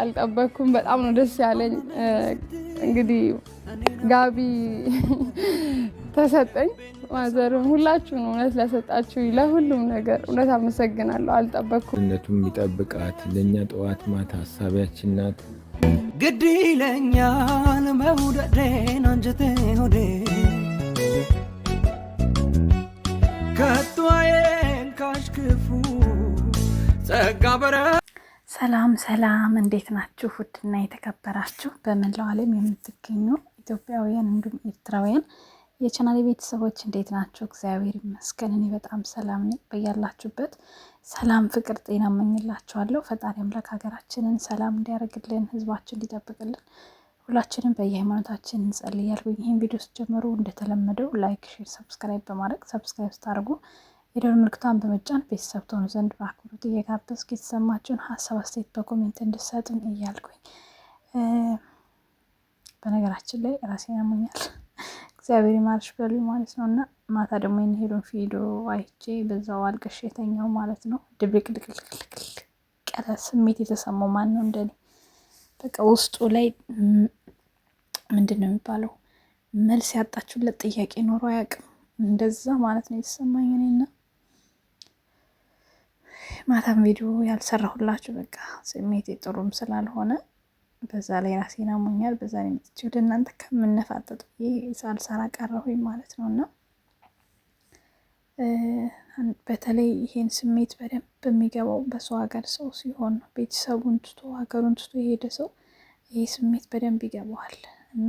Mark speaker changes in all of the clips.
Speaker 1: አልጠበኩም። በጣም ነው ደስ ያለኝ። እንግዲህ ጋቢ ተሰጠኝ። ማዘርም ሁላችሁን እውነት ለሰጣችሁ ለሁሉም ነገር እውነት አመሰግናለሁ። አልጠበኩም።
Speaker 2: ነቱም ይጠብቃት። ለእኛ ጠዋት ማታ ሀሳቢያችን ናት። ግድ ይለኛል መውደዴን አንጀቴ ሆዴ
Speaker 1: ከቷዬን ካሽክፉ ጸጋ በረ ሰላም ሰላም፣ እንዴት ናችሁ? ውድና የተከበራችሁ በመላው ዓለም የምትገኙ ኢትዮጵያውያን እንዲሁም ኤርትራውያን የቻናል ቤተሰቦች እንዴት ናቸው? እግዚአብሔር ይመስገን እኔ በጣም ሰላም ነኝ። በያላችሁበት ሰላም፣ ፍቅር፣ ጤና እመኝላችኋለሁ። ፈጣሪ አምላክ ሀገራችንን ሰላም እንዲያደርግልን፣ ህዝባችን እንዲጠብቅልን ሁላችንም በየሃይማኖታችን እንጸልያል። ይህን ቪዲዮ ስጀምሩ እንደተለመደው ላይክ፣ ሼር፣ ሰብስክራይብ በማድረግ ሰብስክራይብ ስታደርጉ የደወል ምልክቷን በመጫን ቤተሰብ ትሆኑ ዘንድ በአክብሮት እየጋበዝኩ የተሰማችሁን ሀሳብ አስተያየት በኮሜንት እንድሰጡን እያልኩኝ በነገራችን ላይ ራሴን ያሙኛል። እግዚአብሔር ይማርሽ በሉኝ ማለት ነው። እና ማታ ደግሞ የሚሄዱን ፊዶ አይቼ በዛው አልቅሽ የተኛው ማለት ነው። ድብልቅልቅልቅልቅ ያለ ስሜት የተሰማው ማን ነው እንደኔ? በቃ ውስጡ ላይ ምንድን ነው የሚባለው መልስ ያጣችሁለት ጥያቄ ኖሮ አያውቅም። እንደዛ ማለት ነው የተሰማኝ እኔና ማታም ቪዲዮ ያልሰራሁላችሁ በቃ ስሜቴ ጥሩም ስላልሆነ በዛ ላይ ራሴን አሞኛል። በዛ ላይ መጥቼ ወደ እናንተ ከምነፋጠጥ ብዬ ሳልሰራ ቀረሁኝ ማለት ነው። እና በተለይ ይሄን ስሜት በደንብ የሚገባው በሰው ሀገር ሰው ሲሆን ቤተሰቡን ትቶ ሀገሩን ትቶ የሄደ ሰው ይሄ ስሜት በደንብ ይገባዋል። እና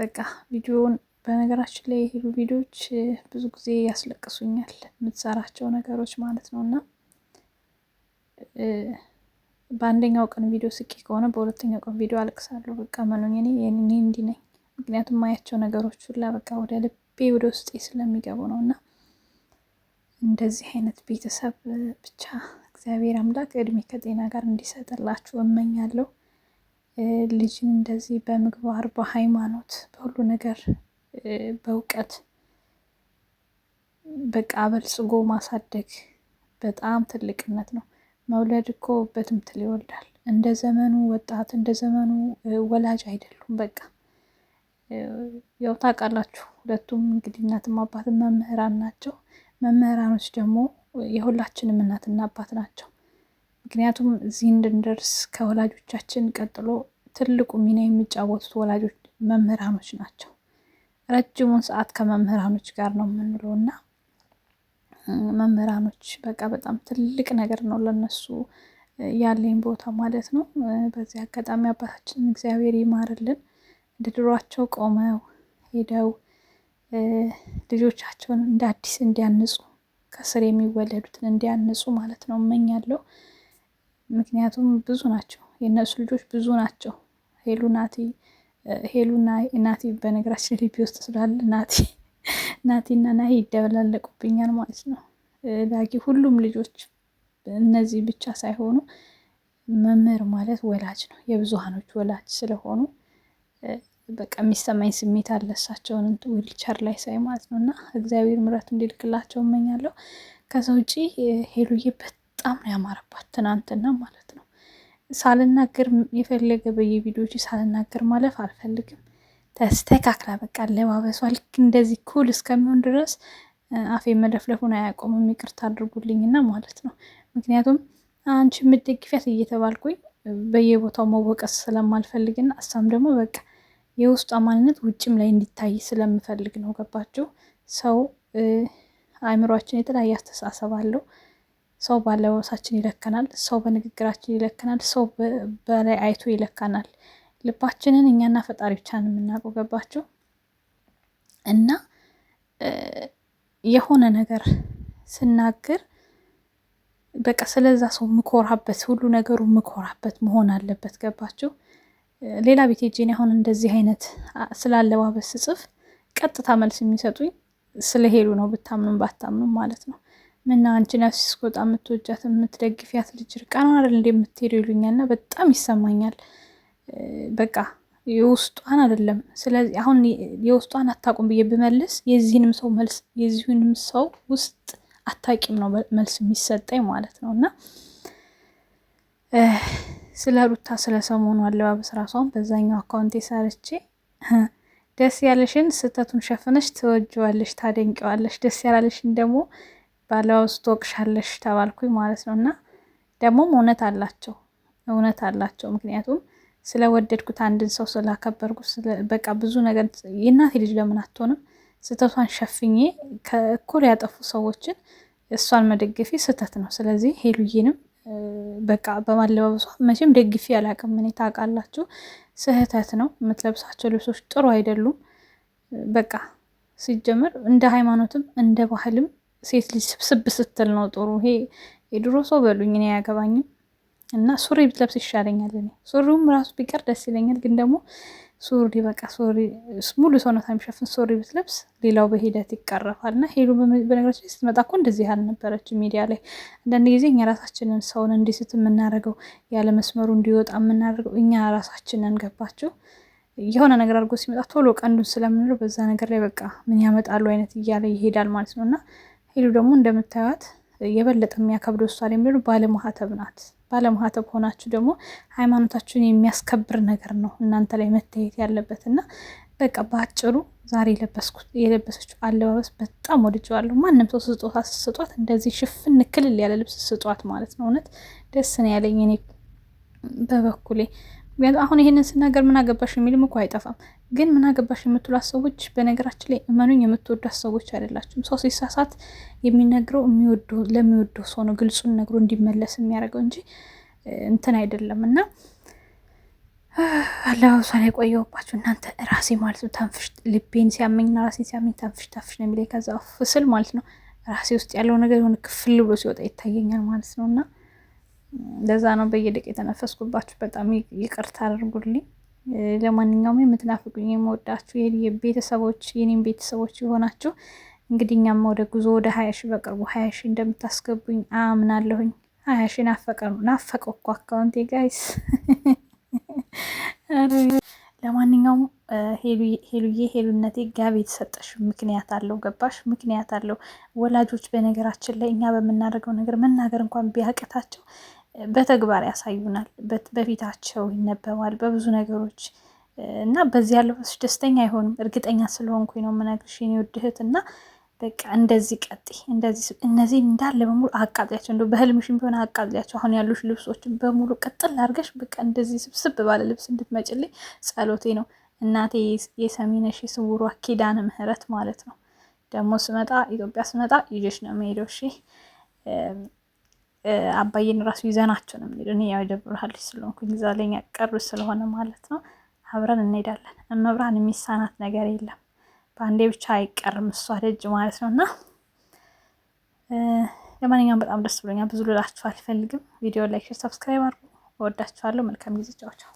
Speaker 1: በቃ ቪዲዮውን በነገራችን ላይ የሄሉ ቪዲዮዎች ብዙ ጊዜ ያስለቅሱኛል፣ የምትሰራቸው ነገሮች ማለት ነው እና በአንደኛው ቀን ቪዲዮ ስቄ ከሆነ በሁለተኛው ቀን ቪዲዮ አልቅሳለሁ። በቃ መኖኝ እኔ እኔ እንዲህ ነኝ። ምክንያቱም ማያቸው ነገሮች ሁላ በቃ ወደ ልቤ ወደ ውስጤ ስለሚገቡ ነው እና እንደዚህ አይነት ቤተሰብ ብቻ እግዚአብሔር አምላክ እድሜ ከጤና ጋር እንዲሰጥላችሁ እመኛለሁ። ልጅን እንደዚህ በምግባር በሃይማኖት በሁሉ ነገር በእውቀት በቃ አበልጽጎ ማሳደግ በጣም ትልቅነት ነው። መውለድ እኮ በትምትል ይወልዳል። እንደ ዘመኑ ወጣት እንደ ዘመኑ ወላጅ አይደሉም። በቃ ያው ታውቃላችሁ፣ ሁለቱም እንግዲህ እናትም አባትም መምህራን ናቸው። መምህራኖች ደግሞ የሁላችንም እናትና አባት ናቸው። ምክንያቱም እዚህ እንድንደርስ ከወላጆቻችን ቀጥሎ ትልቁ ሚና የሚጫወቱት ወላጆች መምህራኖች ናቸው። ረጅሙን ሰዓት ከመምህራኖች ጋር ነው የምንለው እና መምህራኖች በቃ በጣም ትልቅ ነገር ነው ለነሱ ያለኝ ቦታ ማለት ነው። በዚህ አጋጣሚ አባታችን እግዚአብሔር ይማርልን። እንደ ድሯቸው ቆመው ሄደው ልጆቻቸውን እንደ አዲስ እንዲያንጹ ከስር የሚወለዱትን እንዲያንጹ ማለት ነው እመኛለሁ። ምክንያቱም ብዙ ናቸው የእነሱ ልጆች ብዙ ናቸው። ሄሉ ናቲ ሄሉና ናቲ በነገራችን ልቢ ውስጥ ስላለ ናቲ እና ናሂ ይደበላለቁብኛል ማለት ነው። ዳጊ ሁሉም ልጆች እነዚህ ብቻ ሳይሆኑ መምህር ማለት ወላጅ ነው። የብዙሃኖች ወላጅ ስለሆኑ በቃ የሚሰማኝ ስሜት አለ እሳቸውን ዊልቸር ላይ ሳይ ማለት ነው። እና እግዚአብሔር ምሕረት እንዲልክላቸው እመኛለሁ። ከዛ ውጪ ሄሉዬ በጣም ነው ያማረባት ትናንትና ማለት ነው። ሳልናገር የፈለገ በየቪዲዮች ሳልናገር ማለፍ አልፈልግም። ተስተካክላ በቃ አለባበሷ ልክ እንደዚህ ኩል እስከሚሆን ድረስ አፌ መለፍለፉን አያቆምም። ይቅርታ አድርጉልኝና ማለት ነው። ምክንያቱም አንቺ የምትደግፊያት እየተባልኩኝ በየቦታው መወቀስ ስለማልፈልግና እሷም ደግሞ በቃ የውስጧ ማንነት ውጭም ላይ እንዲታይ ስለምፈልግ ነው። ገባችሁ? ሰው አእምሯችን የተለያየ አስተሳሰብ አለው። ሰው ባለባበሳችን ይለከናል። ሰው በንግግራችን ይለከናል። ሰው በላይ አይቶ ይለካናል። ልባችንን እኛና ፈጣሪ ብቻ ነው የምናውቀው። ገባችሁ? እና የሆነ ነገር ስናገር በቃ ስለዛ ሰው ምኮራበት፣ ሁሉ ነገሩ ምኮራበት መሆን አለበት። ገባችሁ? ሌላ ቤት ሄጄ አሁን እንደዚህ አይነት ስላለባበስ ጽፍ ቀጥታ መልስ የሚሰጡኝ ስለ ሄሉ ነው፣ ብታምኑም ባታምኑም ማለት ነው። ምና አንቺ ነፍስ ወጣ የምትወጃት የምትደግፊያት ልጅ ርቃና አይደል እንደ የምትሄዱ ይሉኛል። እና በጣም ይሰማኛል። በቃ የውስጧን አይደለም። ስለዚህ አሁን የውስጧን አታቁም ብዬ ብመልስ የዚህንም ሰው መልስ የዚሁንም ሰው ውስጥ አታቂም ነው መልስ የሚሰጠኝ ማለት ነው። እና ስለ ሩታ ስለ ሰሞኑ አለባበስ ራሷን በዛኛው አካውንቴ ሰርቼ ደስ ያለሽን ስህተቱን ሸፍነሽ ትወጅዋለሽ፣ ታደንቂዋለሽ። ደስ ያላለሽን ደግሞ ባለዋውስ ትወቅሻለሽ ተባልኩኝ ማለት ነው። እና ደግሞም እውነት አላቸው እውነት አላቸው። ምክንያቱም ስለወደድኩት አንድን ሰው ስላከበርኩት በቃ ብዙ ነገር የእናቴ ልጅ ለምን አትሆንም? ስህተቷን ሸፍኜ ከእኩል ያጠፉ ሰዎችን እሷን መደገፌ ስህተት ነው። ስለዚህ ሄሉዬንም በቃ በማለባበሷ መቼም ደግፌ አላቅም እኔ ታውቃላችሁ፣ ስህተት ነው። የምትለብሳቸው ልብሶች ጥሩ አይደሉም። በቃ ሲጀምር እንደ ሃይማኖትም እንደ ባህልም ሴት ልጅ ስብስብ ስትል ነው ጥሩ። ይሄ የድሮ ሰው በሉኝ እኔ አያገባኝም እና ሱሪ ብትለብስ ይሻለኛል። እኔ ሱሪውም ራሱ ቢቀር ደስ ይለኛል፣ ግን ደግሞ ሱሪ በቃ ሱሪ ሙሉ ሰውነት የሚሸፍን ሱሪ ብትለብስ ሌላው በሂደት ይቀረፋል። እና ሄሉ በነገራችን ላይ ስትመጣ እኮ እንደዚህ አልነበረች። ሚዲያ ላይ አንዳንድ ጊዜ እኛ ራሳችንን ሰውን እንዲስት የምናደርገው ያለ መስመሩ እንዲወጣ የምናደርገው እኛ ራሳችንን ገባችው የሆነ ነገር አድርጎ ሲመጣ ቶሎ ቀንዱን ስለምንለው በዛ ነገር ላይ በቃ ምን ያመጣሉ አይነት እያለ ይሄዳል ማለት ነው እና ሄሉ ደግሞ እንደምታዩት የበለጠ የሚያከብደ እሷ ላይ ባለማህተብ ናት። ባለማህተብ ሆናችሁ ደግሞ ሃይማኖታችሁን የሚያስከብር ነገር ነው እናንተ ላይ መታየት ያለበት እና በቃ በአጭሩ ዛሬ የለበሰችው አለባበስ በጣም ወድጀዋለሁ። ማንም ሰው ስጦታ ስጧት እንደዚህ ሽፍን ክልል ያለ ልብስ ስጧት ማለት ነው። እውነት ደስ ነው ያለኝ እኔ በበኩሌ ምክንያቱም አሁን ይሄንን ስናገር ምን አገባሽ የሚልም እኮ አይጠፋም። ግን ምን አገባሽ የምትሏት ሰዎች በነገራችን ላይ እመኑኝ የምትወዷት ሰዎች አይደላችሁም። ሰው ሲሳሳት የሚነግረው ለሚወደው ሰው ነው፣ ግልጹን ነግሮ እንዲመለስ የሚያደርገው እንጂ እንትን አይደለም። እና አለባበሷ ላይ እናንተ ራሴ ማለት ነው ታንፍሽ ልቤን ሲያመኝና ራሴን ሲያመኝ ታንፍሽ ታንፍሽ ነው የሚለኝ ከዛ ፍስል ማለት ነው ራሴ ውስጥ ያለው ነገር የሆነ ክፍል ብሎ ሲወጣ ይታየኛል ማለት ነው እና ለዛ ነው በየደቂቃ የተነፈስኩባችሁ። በጣም ይቅርታ አድርጉልኝ። ለማንኛውም የምትናፍቁኝ የምወዳችሁ ቤተሰቦች የኔም ቤተሰቦች የሆናችሁ እንግዲህ እኛም ወደ ጉዞ ወደ ሀያ ሺ በቅርቡ ሀያ እንደምታስገቡኝ አምናለሁኝ። ሀያ ሺህ ናፈቀ ነው ናፈቀው እኮ አካውንቴ ጋይስ። ለማንኛውም ሄሉዬ ሄሉነቴ ጋቢ የተሰጠሽ ምክንያት አለው፣ ገባሽ? ምክንያት አለው። ወላጆች በነገራችን ላይ እኛ በምናደርገው ነገር መናገር እንኳን ቢያቅታቸው በተግባር ያሳዩናል፣ በፊታቸው ይነበባል በብዙ ነገሮች እና በዚህ ያለበች ደስተኛ አይሆንም። እርግጠኛ ስለሆንኩኝ ነው የምነግርሽ የኔ ውድ እህት እና በቃ እንደዚህ ቀጥይ፣ እንደዚህ እነዚህ እንዳለ በሙሉ አቃጥያቸው፣ እንደ በህልምሽም ቢሆን አቃጥያቸው። አሁን ያሉሽ ልብሶችን በሙሉ ቅጥል አድርገሽ በቃ እንደዚህ ስብስብ ባለ ልብስ እንድትመጭልኝ ጸሎቴ ነው። እናቴ የሰሚነሽ የስውሯ ኪዳነ ምሕረት ማለት ነው። ደግሞ ስመጣ ኢትዮጵያ ስመጣ ይዤሽ ነው የምሄደው እሺ። አባዬን ራሱ ይዘናቸው ነው የምንሄደው። እኔ ያው ይደብርሃል ስለሆንኩኝ እዛ ላይ ቅርብ ስለሆነ ማለት ነው አብረን እንሄዳለን። እመብርሃን የሚሳናት ነገር የለም። በአንዴ ብቻ አይቀርም እሷ ደጅ ማለት ነው። እና ለማንኛውም በጣም ደስ ብሎኛል። ብዙ ልላችሁ አልፈልግም። ቪዲዮ ላይክ፣ ሰብስክራይብ አድርጉ። እወዳችኋለሁ። መልካም ጊዜ። ቻው ቻው።